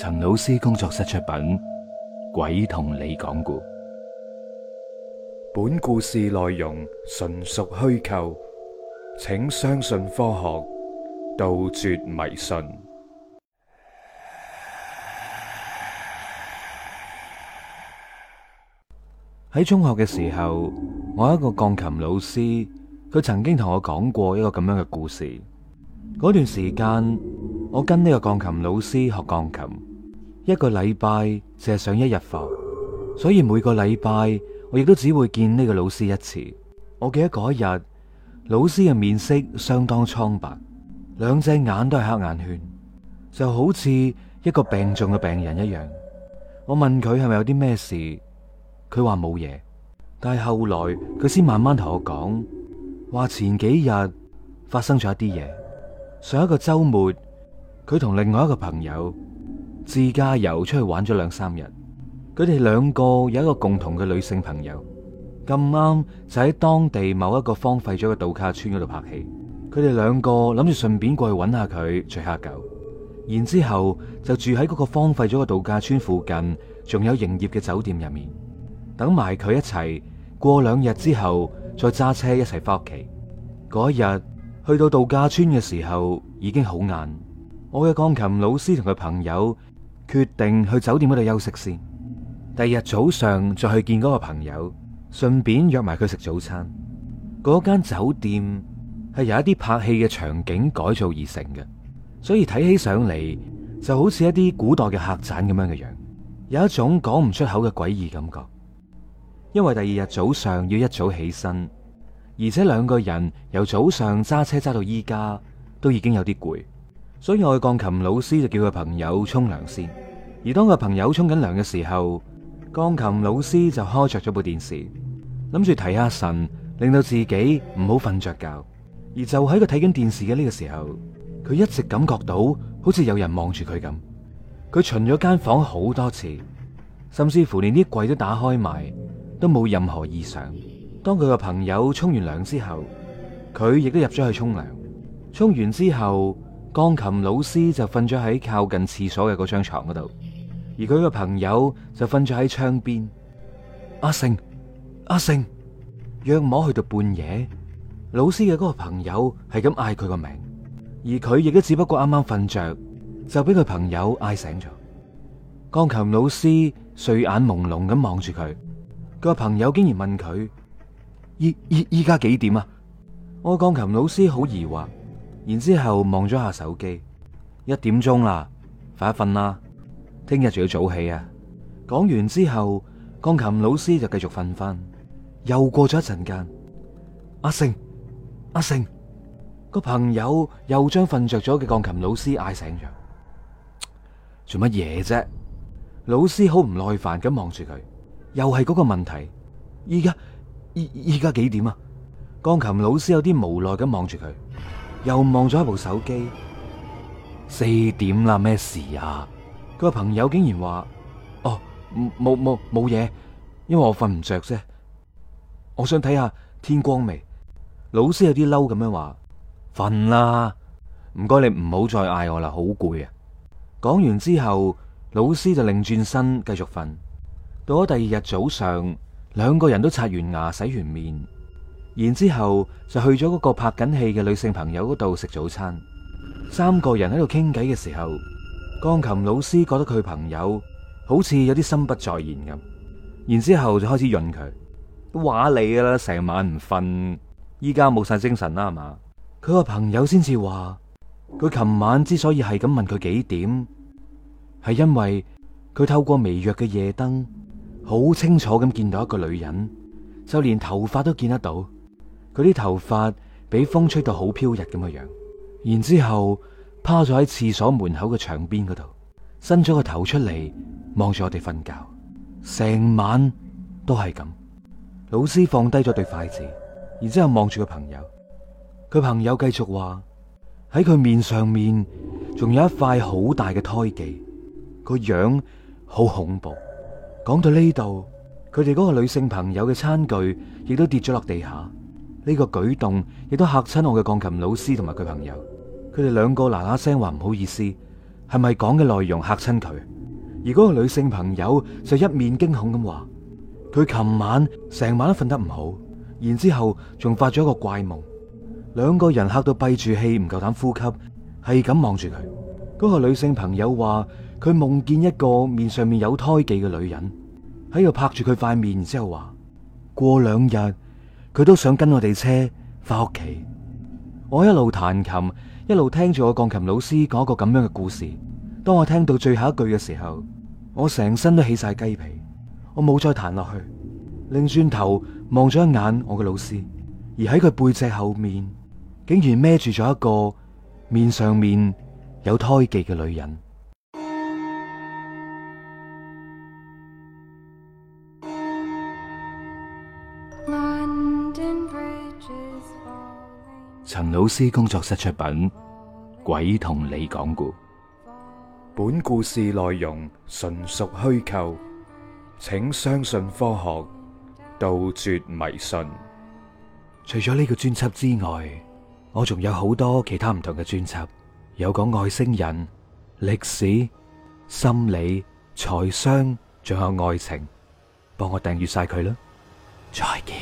陳老師工作室出品《鬼同你講古》，本故事內容純屬虛構，請相信科學，杜絕迷信。喺中學嘅時候，我一個鋼琴老師，佢曾經同我講過一個咁樣嘅故事，嗰段時間。我跟呢個鋼琴老師學鋼琴，一個禮拜淨係上一日課，所以每個禮拜我亦都只會見呢個老師一次。我記得嗰日老師嘅面色相當蒼白，兩隻眼都係黑眼圈，就好似一個病重嘅病人一樣。我問佢係咪有啲咩事，佢話冇嘢。但係後來佢先慢慢同我講，話前幾日發生咗一啲嘢，上一個周末。佢同另外一個朋友自駕遊出去玩咗兩三日。佢哋兩個有一個共同嘅女性朋友咁啱就喺當地某一個荒廢咗嘅度假村嗰度拍戲。佢哋兩個諗住順便過去搵下佢，聚下酒。然之後就住喺嗰個荒廢咗嘅度假村附近，仲有營業嘅酒店入面等埋佢一齊。過兩日之後再揸車一齊翻屋企。嗰一日去到度假村嘅時候已經好晏。我嘅鋼琴老師同佢朋友決定去酒店嗰度休息先，第二日早上再去見嗰個朋友，順便約埋佢食早餐。嗰間酒店係由一啲拍戲嘅場景改造而成嘅，所以睇起上嚟就好似一啲古代嘅客棧咁樣嘅樣，有一種講唔出口嘅詭異感覺。因為第二日早上要一早起身，而且兩個人由早上揸車揸到依家都已經有啲攰。所以，鋼琴老師就叫佢個朋友沖涼先。而當佢個朋友沖緊涼嘅時候，鋼琴老師就開着咗部電視，諗住睇下神，令到自己唔好瞓着覺。而就喺佢睇緊電視嘅呢個時候，佢一直感覺到好似有人望住佢咁。佢巡咗間房好多次，甚至乎連啲櫃都打開埋，都冇任何異常。當佢個朋友沖完涼之後，佢亦都入咗去沖涼。沖完之後，鋼琴老師就瞓咗喺靠近廁所嘅嗰張床嗰度，而佢個朋友就瞓咗喺窗邊。阿盛、啊，阿盛、啊，約我去到半夜，老師嘅嗰個朋友係咁嗌佢個名，而佢亦都只不過啱啱瞓着，就俾佢朋友嗌醒咗。鋼琴老師睡眼朦朧咁望住佢，個朋友竟然問佢：依依依家幾點啊？我鋼琴老師好疑惑。然之後望咗下手機，一點鐘啦、啊，快啲瞓啦，聽日仲要早起啊！講完之後，鋼琴老師就繼續瞓翻。又過咗一陣間，阿、啊、盛，阿、啊、盛、啊，個朋友又將瞓着咗嘅鋼琴老師嗌醒咗，做乜嘢啫？老師好唔耐煩咁望住佢，又係嗰個問題。依家依依家幾點啊？鋼琴老師有啲無奈咁望住佢。又望咗一部手機，四點啦，咩事啊？佢個朋友竟然話：哦，冇冇冇嘢，因為我瞓唔着啫，我想睇下天光未。老師有啲嬲咁樣話：瞓啦，唔該你唔好再嗌我啦，好攰啊！講完之後，老師就擰轉身繼續瞓。到咗第二日早上，兩個人都刷完牙、洗完面。然之後就去咗嗰個拍緊戲嘅女性朋友嗰度食早餐。三個人喺度傾偈嘅時候，鋼琴老師覺得佢朋友好似有啲心不在焉咁。然之後就開始潤佢，話你啦，成晚唔瞓，依家冇晒精神啦，係嘛？佢個朋友先至話，佢琴晚之所以係咁問佢幾點，係因為佢透過微弱嘅夜燈，好清楚咁見到一個女人，就連頭髮都見得到。佢啲頭髮俾風吹到好飄逸咁嘅樣，然之後趴咗喺廁所門口嘅牆邊嗰度，伸咗個頭出嚟望住我哋瞓覺，成晚都係咁。老師放低咗對筷子，然之後望住個朋友，佢朋友繼續話喺佢面上面仲有一塊好大嘅胎記，個樣好恐怖。講到呢度，佢哋嗰個女性朋友嘅餐具亦都跌咗落地下。呢個舉動亦都嚇親我嘅鋼琴老師同埋佢朋友，佢哋兩個嗱嗱聲話唔好意思，係咪講嘅內容嚇親佢？而嗰個女性朋友就一面驚恐咁話，佢琴晚成晚都瞓得唔好，然之後仲發咗一個怪夢，兩個人嚇到閉住氣唔夠膽呼吸，係咁望住佢。嗰個女性朋友話，佢夢見一個面上面有胎記嘅女人喺度拍住佢塊面，然之後話過兩日，佢都想跟我哋車翻屋企，我一路彈琴，一路聽住我鋼琴老師講一個咁樣嘅故事。當我聽到最後一句嘅時候，我成身都起晒雞皮，我冇再彈落去，擰轉頭望咗一眼我嘅老師，而喺佢背脊後面，竟然孭住咗一個面上面有胎記嘅女人。陳老師工作室出品《鬼同你講古》，本故事內容純屬虛構，請相信科學，杜絕迷信。除咗呢個專輯之外，我仲有好多其他唔同嘅專輯，有講外星人、歷史、心理、財商，仲有愛情。幫我訂閱晒佢啦！再見。